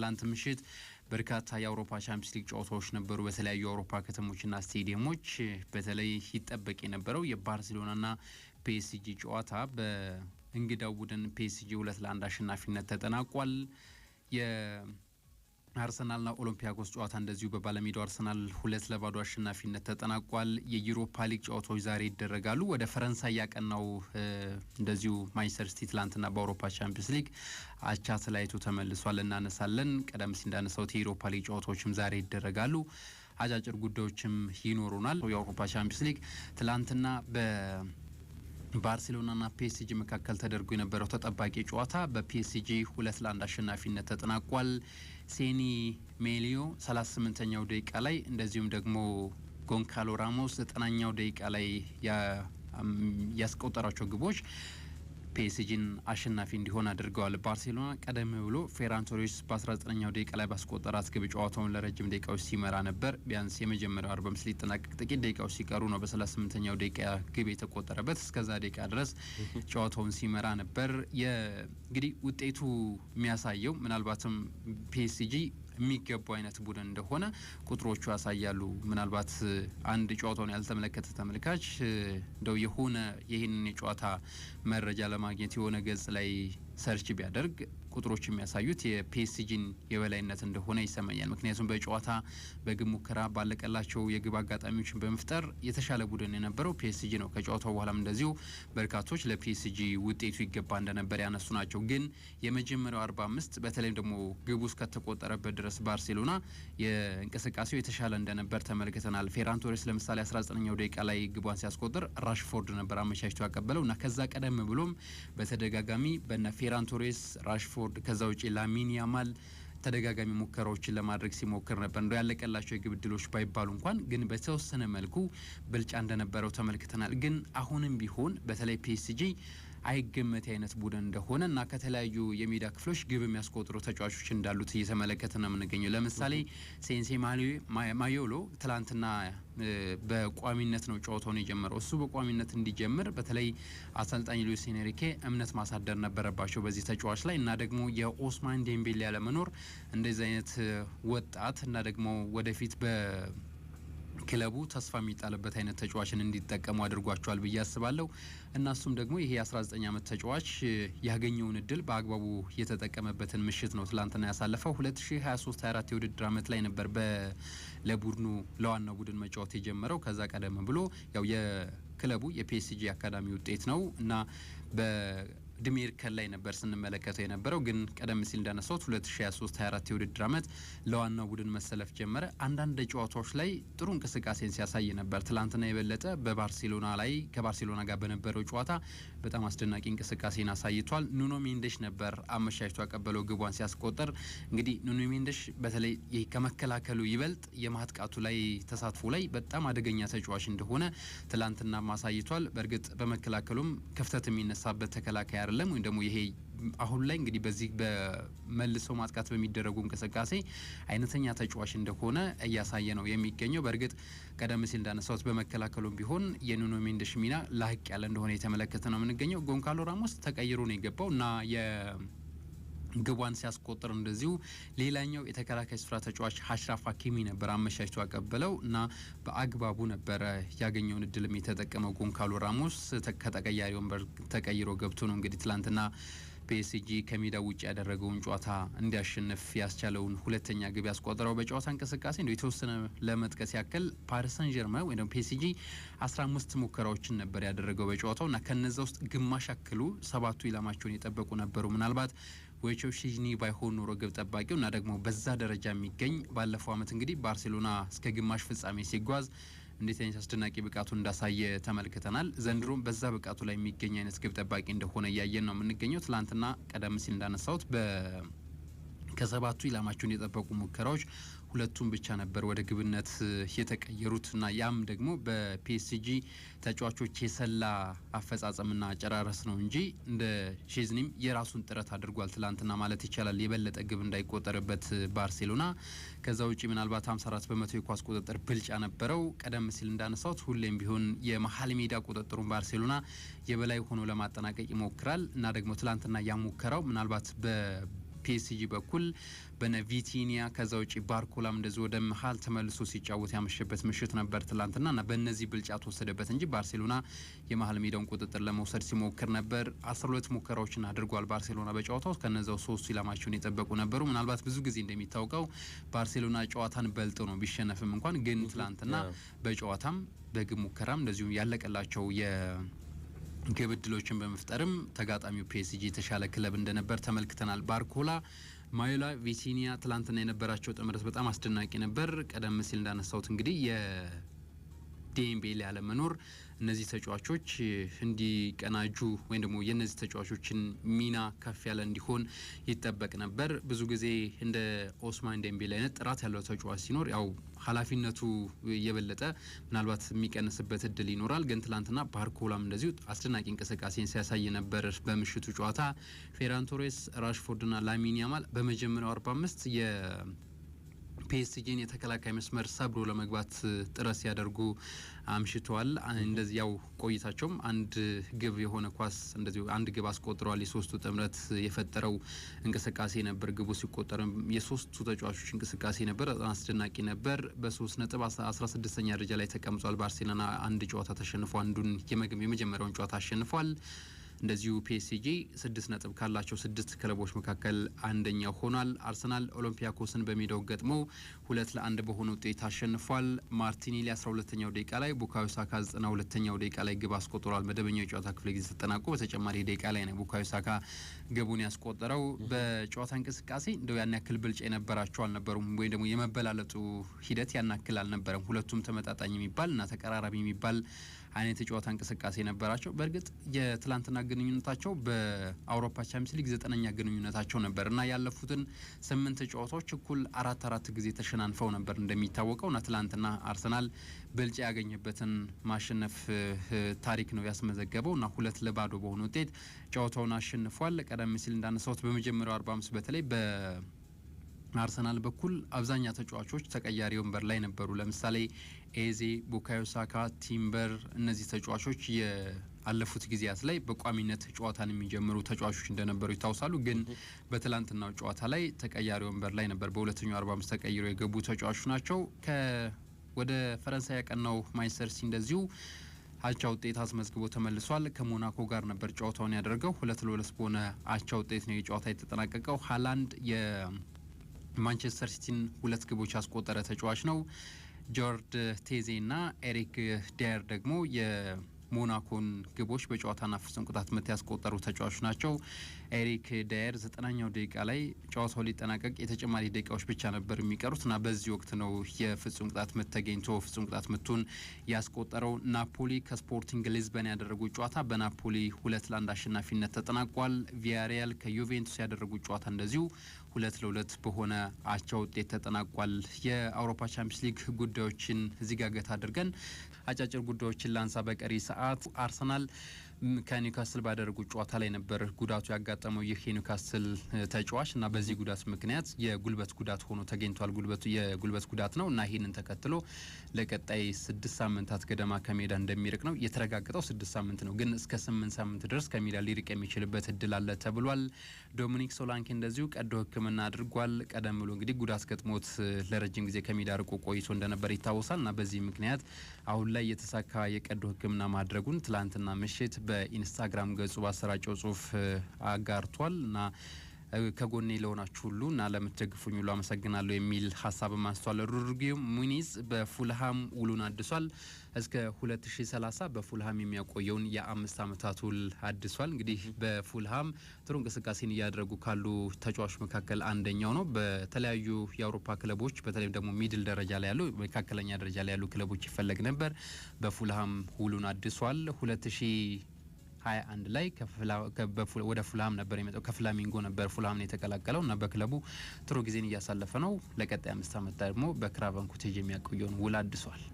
ትላንት ምሽት በርካታ የአውሮፓ ቻምፒየንስ ሊግ ጨዋታዎች ነበሩ። በተለያዩ የአውሮፓ ከተሞችና ስቴዲየሞች በተለይ ይጠበቅ የነበረው የባርሴሎናና ፒኤስጂ ጨዋታ በእንግዳው ቡድን ፒኤስጂ ሁለት ለአንድ አሸናፊነት ተጠናቋል። አርሰናልና ኦሎምፒያኮስ ጨዋታ እንደዚሁ በባለሜዳው አርሰናል ሁለት ለባዶ አሸናፊነት ተጠናቋል። የዩሮፓ ሊግ ጨዋታዎች ዛሬ ይደረጋሉ። ወደ ፈረንሳይ ያቀናው እንደዚሁ ማንቸስተር ሲቲ ትላንትና በአውሮፓ ቻምፒየንስ ሊግ አቻ ተለያይቶ ተመልሷል። እናነሳለን። ቀደም ሲል እንዳነሳሁት የዩሮፓ ሊግ ጨዋታዎችም ዛሬ ይደረጋሉ። አጫጭር ጉዳዮችም ይኖሩናል። የአውሮፓ ቻምፒየንስ ሊግ ትላንትና በ ባርሴሎናና ፒኤስጂ መካከል ተደርጎ የነበረው ተጠባቂ ጨዋታ በፒኤስጂ ሁለት ለአንድ አሸናፊነት ተጠናቋል። ሴኒ ሜሊዮ 38ኛው ደቂቃ ላይ እንደዚሁም ደግሞ ጎንካሎ ራሞስ 90ኛው ደቂቃ ላይ ያስቆጠራቸው ግቦች ፒኤስጂን አሸናፊ እንዲሆን አድርገዋል። ባርሴሎና ቀደም ብሎ ፌራን ቶሬስ በ19ኛው ደቂቃ ላይ ባስቆጠራት ግብ ጨዋታውን ለረጅም ደቂቃዎች ሲመራ ነበር። ቢያንስ የመጀመሪያው አርባ አምስት ሊጠናቀቅ ጥቂት ደቂቃዎች ሲቀሩ ነው በ38ኛው ደቂቃ ግብ የተቆጠረበት። እስከዛ ደቂቃ ድረስ ጨዋታውን ሲመራ ነበር። እንግዲህ ውጤቱ የሚያሳየው ምናልባትም ፒኤስጂ የሚገባው አይነት ቡድን እንደሆነ ቁጥሮቹ ያሳያሉ። ምናልባት አንድ ጨዋታውን ያልተመለከተ ተመልካች እንደው የሆነ ይህንን የጨዋታ መረጃ ለማግኘት የሆነ ገጽ ላይ ሰርች ቢያደርግ ቁጥሮች የሚያሳዩት የፒኤስጂን የበላይነት እንደሆነ ይሰማኛል። ምክንያቱም በጨዋታ በግብ ሙከራ ባለቀላቸው የግብ አጋጣሚዎችን በመፍጠር የተሻለ ቡድን የነበረው ፒኤስጂ ነው። ከጨዋታው በኋላም እንደዚሁ በርካቶች ለፒኤስጂ ውጤቱ ይገባ እንደነበር ያነሱ ናቸው። ግን የመጀመሪያው 45 በተለይም ደግሞ ግቡ እስከተቆጠረበት ድረስ ባርሴሎና የእንቅስቃሴው የተሻለ እንደነበር ተመልክተናል። ፌራን ቶሬስ ለምሳሌ 19ኛው ደቂቃ ላይ ግቧን ሲያስቆጥር ራሽፎርድ ነበር አመቻችቶ ያቀበለው እና ከዛ ቀደም ብሎም በተደጋጋሚ በነ ፌራን ቶሬስ ራሽፎርድ ራሽፎርድ ከዛ ውጪ ላሚን ያማል ተደጋጋሚ ሙከራዎችን ለማድረግ ሲሞክር ነበር። እንደ ያለቀላቸው የግብ ዕድሎች ባይባሉ እንኳን ግን በተወሰነ መልኩ ብልጫ እንደነበረው ተመልክተናል። ግን አሁንም ቢሆን በተለይ ፒኤስጂ አይገመት አይነት ቡድን እንደሆነ እና ከተለያዩ የሜዳ ክፍሎች ግብ የሚያስቆጥሩ ተጫዋቾች እንዳሉት እየተመለከተ ነው የምንገኘው። ለምሳሌ ሴንሴ ማዮሎ ትላንትና በቋሚነት ነው ጨዋታውን የጀመረው። እሱ በቋሚነት እንዲጀምር በተለይ አሰልጣኝ ሉዊስ ኤንሪኬ እምነት ማሳደር ነበረባቸው በዚህ ተጫዋች ላይ እና ደግሞ የኦስማን ዴምቤሌ ያለመኖር እንደዚህ አይነት ወጣት እና ደግሞ ወደፊት በ ክለቡ ተስፋ የሚጣልበት አይነት ተጫዋችን እንዲጠቀሙ አድርጓቸዋል ብዬ አስባለሁ እና እሱም ደግሞ ይሄ የ19 ዓመት ተጫዋች ያገኘውን እድል በአግባቡ የተጠቀመበትን ምሽት ነው ትላንትና ያሳለፈው። 2023/24 የውድድር ዓመት ላይ ነበር ለቡድኑ ለዋናው ቡድን መጫወት የጀመረው። ከዛ ቀደም ብሎ ያው የክለቡ የፒኤስጂ አካዳሚ ውጤት ነው እና እድሜ እርከን ላይ ነበር ስንመለከተው የነበረው። ግን ቀደም ሲል እንዳነሳሁት 2023/24 የውድድር ዓመት ለዋናው ቡድን መሰለፍ ጀመረ። አንዳንድ ጨዋታዎች ላይ ጥሩ እንቅስቃሴን ሲያሳይ ነበር። ትላንትና የበለጠ በባርሴሎና ላይ ከባርሴሎና ጋር በነበረው ጨዋታ በጣም አስደናቂ እንቅስቃሴን አሳይቷል። ኑኖ ሜንደሽ ነበር አመሻሽቶ ያቀበለው ግቧን ሲያስቆጥር። እንግዲህ ኑኖ ሜንደሽ በተለይ ከመከላከሉ ይበልጥ የማጥቃቱ ላይ ተሳትፎ ላይ በጣም አደገኛ ተጫዋች እንደሆነ ትላንትና አሳይቷል። በእርግጥ በመከላከሉም ክፍተት የሚነሳበት ተከላካይ አይደለም ወይም ደግሞ ይሄ አሁን ላይ እንግዲህ በዚህ በመልሶ ማጥቃት በሚደረጉ እንቅስቃሴ አይነተኛ ተጫዋች እንደሆነ እያሳየ ነው የሚገኘው። በእርግጥ ቀደም ሲል እንዳነሳሁት በመከላከሉም ቢሆን የኑኖ ሜንዴሽ ሚና ላቅ ያለ እንደሆነ የተመለከተ ነው የምንገኘው። ጎንካሎ ራሞስ ተቀይሮ ነው የገባው እና ግቧን ሲያስቆጥር እንደዚሁ ሌላኛው የተከላካይ ስፍራ ተጫዋች አሽራፍ ሀኪሚ ነበር አመቻችቶ ያቀበለው እና በአግባቡ ነበረ ያገኘውን እድልም የተጠቀመው ጎንካሎ ራሞስ ከተቀያሪ ወንበር ተቀይሮ ገብቶ ነው እንግዲህ ትላንትና ፒኤስጂ ከሜዳው ውጭ ያደረገውን ጨዋታ እንዲያሸንፍ ያስቻለውን ሁለተኛ ግብ ያስቆጠረው በጨዋታ እንቅስቃሴ እንደ የተወሰነ ለመጥቀስ ያክል ፓሪስ ሰን ጀርመን ወይ ደግሞ ፒኤስጂ 15 ሙከራዎችን ነበር ያደረገው በጨዋታው እና ከነዛ ውስጥ ግማሽ ያክሉ ሰባቱ ኢላማቸውን የጠበቁ ነበሩ። ምናልባት ወቾ ሽኒ ባይሆን ኖሮ ግብ ጠባቂው እና ደግሞ በዛ ደረጃ የሚገኝ ባለፈው አመት እንግዲህ ባርሴሎና እስከ ግማሽ ፍጻሜ ሲጓዝ እንዴት አይነት አስደናቂ ብቃቱን እንዳሳየ ተመልክተናል። ዘንድሮም በዛ ብቃቱ ላይ የሚገኝ አይነት ግብ ጠባቂ እንደሆነ እያየን ነው የምንገኘው። ትላንትና ቀደም ሲል እንዳነሳሁት በ ከሰባቱ ኢላማቸውን የጠበቁ ሙከራዎች ሁለቱም ብቻ ነበር ወደ ግብነት የተቀየሩት እና ያም ደግሞ በፒኤስጂ ተጫዋቾች የሰላ አፈጻጸምና አጨራረስ ነው እንጂ እንደ ሼዝኒም የራሱን ጥረት አድርጓል። ትላንትና ማለት ይቻላል የበለጠ ግብ እንዳይቆጠርበት ባርሴሎና። ከዛ ውጭ ምናልባት 54 በመቶ የኳስ ቁጥጥር ብልጫ ነበረው። ቀደም ሲል እንዳነሳሁት ሁሌም ቢሆን የመሀል ሜዳ ቁጥጥሩን ባርሴሎና የበላይ ሆኖ ለማጠናቀቅ ይሞክራል እና ደግሞ ትላንትና ያሙከራው ምናልባት በ ፒኤስጂ በኩል በነቪቲኒያ ከዛ ውጪ ባርኮላም እንደዚህ ወደ መሀል ተመልሶ ሲጫወት ያመሸበት ምሽት ነበር እና በእነዚህ ብልጫ ተወሰደበት እንጂ ባርሴሎና የመሀል ሜዳውን ቁጥጥር ለመውሰድ ሲሞክር ነበር። ሁለት ሙከራዎችን አድርጓል ባርሴሎና ውስጥ ከነዛው ሶስቱ ኢላማቸውን የጠበቁ ነበሩ። ምናልባት ብዙ ጊዜ እንደሚታወቀው ባርሴሎና ጨዋታን በልጦ ነው ቢሸነፍም እንኳን ግን ትላንትና በጨዋታም በግብ ሙከራም እንደዚሁም ያለቀላቸው የ ግብ በመፍጠርም ተጋጣሚው ፒኤስጂ የተሻለ ክለብ እንደነበር ተመልክተናል። ባርኮላ፣ ማዮላ፣ ቪቲኒያ ትላንትና የነበራቸው ጥምረት በጣም አስደናቂ ነበር። ቀደም ሲል እንዳነሳሁት እንግዲህ የዲኤምቤሌ አለመኖር እነዚህ ተጫዋቾች እንዲቀናጁ ወይም ደግሞ የእነዚህ ተጫዋቾችን ሚና ከፍ ያለ እንዲሆን ይጠበቅ ነበር። ብዙ ጊዜ እንደ ኦስማን ዴምቤላ አይነት ጥራት ያለው ተጫዋች ሲኖር ያው ኃላፊነቱ የበለጠ ምናልባት የሚቀንስበት እድል ይኖራል። ግን ትላንትና ባርኮላም እንደዚሁ አስደናቂ እንቅስቃሴን ሲያሳይ ነበር። በምሽቱ ጨዋታ ፌራን ቶሬስ፣ ራሽፎርድና ላሚን ያማል በመጀመሪያው 45 የ ፒኤስጂን የተከላካይ መስመር ሰብሮ ለመግባት ጥረት ሲያደርጉ አምሽተዋል። እንደዚህ ያው ቆይታቸውም አንድ ግብ የሆነ ኳስ እንደዚሁ አንድ ግብ አስቆጥረዋል። የሶስቱ ጥምረት የፈጠረው እንቅስቃሴ ነበር። ግቡ ሲቆጠርም የሶስቱ ተጫዋቾች እንቅስቃሴ ነበር፣ አስደናቂ ነበር። በሶስት ነጥብ አስራ ስድስተኛ ደረጃ ላይ ተቀምጧል። ባርሴሎና አንድ ጨዋታ ተሸንፎ አንዱን የመጀመሪያውን ጨዋታ አሸንፏል። እንደዚሁ ፒኤስጂ ስድስት ነጥብ ካላቸው ስድስት ክለቦች መካከል አንደኛው ሆኗል። አርሰናል ኦሎምፒያኮስን በሜዳው ገጥሞ ሁለት ለአንድ በሆነ ውጤት አሸንፏል። ማርቲኔሊ 12ኛው ደቂቃ ላይ፣ ቡካዮ ሳካ 92 ሁለተኛው ደቂቃ ላይ ግብ አስቆጥሯል። መደበኛው የጨዋታ ክፍለ ጊዜ ተጠናቆ በተጨማሪ ደቂቃ ላይ ነው ቡካዮ ሳካ ግቡን ያስቆጠረው። በጨዋታ እንቅስቃሴ እንደው ያን ያክል ብልጫ የነበራቸው አልነበሩም፣ ወይም ደግሞ የመበላለጡ ሂደት ያናክል አልነበረም። ሁለቱም ተመጣጣኝ የሚባል እና ተቀራራቢ የሚባል አይነት የጨዋታ እንቅስቃሴ ነበራቸው። በእርግጥ የትላንትና ግንኙነታቸው በአውሮፓ ቻምፒየንስ ሊግ ዘጠነኛ ግንኙነታቸው ነበር እና ያለፉትን ስምንት ጨዋታዎች እኩል አራት አራት ጊዜ ተሸናንፈው ነበር እንደሚታወቀው እና ትላንትና አርሰናል ብልጫ ያገኘበትን ማሸነፍ ታሪክ ነው ያስመዘገበው እና ሁለት ለባዶ በሆነ ውጤት ጨዋታውን አሸንፏል። ቀደም ሲል እንዳነሳሁት በመጀመሪያው 45 በተለይ በ አርሰናል በኩል አብዛኛ ተጫዋቾች ተቀያሪ ወንበር ላይ ነበሩ። ለምሳሌ ኤዜ፣ ቡካዮ ቲምበር እነዚህ ተጫዋቾች የአለፉት ጊዜያት ላይ በቋሚነት ጨዋታን የሚጀምሩ ተጫዋቾች እንደነበሩ ይታወሳሉ። ግን በትላንትናው ጨዋታ ላይ ተቀያሪ ወንበር ላይ ነበር። በሁለተኛው 45 ተቀይሮ የገቡ ተጫዋቾች ናቸው። ወደ ፈረንሳይ ያቀናው ማንቸስተር ሲቲ እንደዚሁ አቻ ውጤት አስመዝግቦ ተመልሷል። ከሞናኮ ጋር ነበር ጨዋታውን ያደረገው። ሁለት ለሁለት በሆነ አቻ ውጤት ነው የጨዋታ የተጠናቀቀው። ሀላንድ የ ማንቸስተር ሲቲን ሁለት ግቦች ያስቆጠረ ተጫዋች ነው። ጆርድ ቴዜ እና ኤሪክ ዳየር ደግሞ የሞናኮን ግቦች በጨዋታና ፍጹም ቅጣት ምት ያስቆጠሩ ተጫዋች ናቸው። ኤሪክ ዳየር ዘጠናኛው ደቂቃ ላይ ጨዋታው ሊጠናቀቅ የተጨማሪ ደቂቃዎች ብቻ ነበር የሚቀሩት እና በዚህ ወቅት ነው የፍጹም ቅጣት ምት ተገኝቶ ፍጹም ቅጣት ምቱን ያስቆጠረው። ናፖሊ ከስፖርቲንግ ሊዝበን ያደረጉት ጨዋታ በናፖሊ ሁለት ለአንድ አሸናፊነት ተጠናቋል። ቪያሪያል ከዩቬንቱስ ያደረጉት ጨዋታ እንደዚሁ ሁለት ለሁለት በሆነ አቻ ውጤት ተጠናቋል። የአውሮፓ ቻምፒየንስ ሊግ ጉዳዮችን እዚህ ጋር ገታ አድርገን አጫጭር ጉዳዮችን ላንሳ። በቀሪ ሰዓት አርሰናል ከኒውካስል ባደረጉት ጨዋታ ላይ ነበር ጉዳቱ ያጋጠመው ይህ የኒውካስል ተጫዋች እና በዚህ ጉዳት ምክንያት የጉልበት ጉዳት ሆኖ ተገኝቷል። ጉልበቱ የጉልበት ጉዳት ነው እና ይህንን ተከትሎ ለቀጣይ ስድስት ሳምንታት ገደማ ከሜዳ እንደሚርቅ ነው የተረጋገጠው። ስድስት ሳምንት ነው ግን እስከ ስምንት ሳምንት ድረስ ከሜዳ ሊርቅ የሚችልበት እድል አለ ተብሏል። ዶሚኒክ ሶላንኬ እንደዚሁ ቀዶ ሕክምና አድርጓል። ቀደም ብሎ እንግዲህ ጉዳት ገጥሞት ለረጅም ጊዜ ከሜዳ ርቆ ቆይቶ እንደነበር ይታወሳል እና በዚህ ምክንያት አሁን ላይ የተሳካ የቀዶ ሕክምና ማድረጉን ትላንትና ምሽት በኢንስታግራም ገጹ ባሰራጨው ጽሁፍ አጋርቷል እና ከጎኔ ለሆናችሁ ሁሉ እና ለምትደግፉኝ ሁሉ አመሰግናለሁ የሚል ሀሳብ ማስተዋል። ሩድሪጎ ሙኒዝ በፉልሃም ውሉን አድሷል። እስከ 2030 በፉልሃም የሚያቆየውን የአምስት ዓመታት ውል አድሷል። እንግዲህ በፉልሃም ጥሩ እንቅስቃሴን እያደረጉ ካሉ ተጫዋቾች መካከል አንደኛው ነው። በተለያዩ የአውሮፓ ክለቦች በተለይም ደግሞ ሚድል ደረጃ ላይ ያሉ መካከለኛ ደረጃ ላይ ያሉ ክለቦች ይፈለግ ነበር። በፉልሃም ውሉን አድሷል። አንድ ላይ ወደ ፉላም ነበር የመጣው። ከፍላሚንጎ ነበር ፉላምን የተቀላቀለው እና በክለቡ ጥሩ ጊዜን እያሳለፈ ነው። ለቀጣይ አምስት ዓመት ደግሞ በክራቨን ኮቴጅ የሚያቆየውን ውል አድሷል።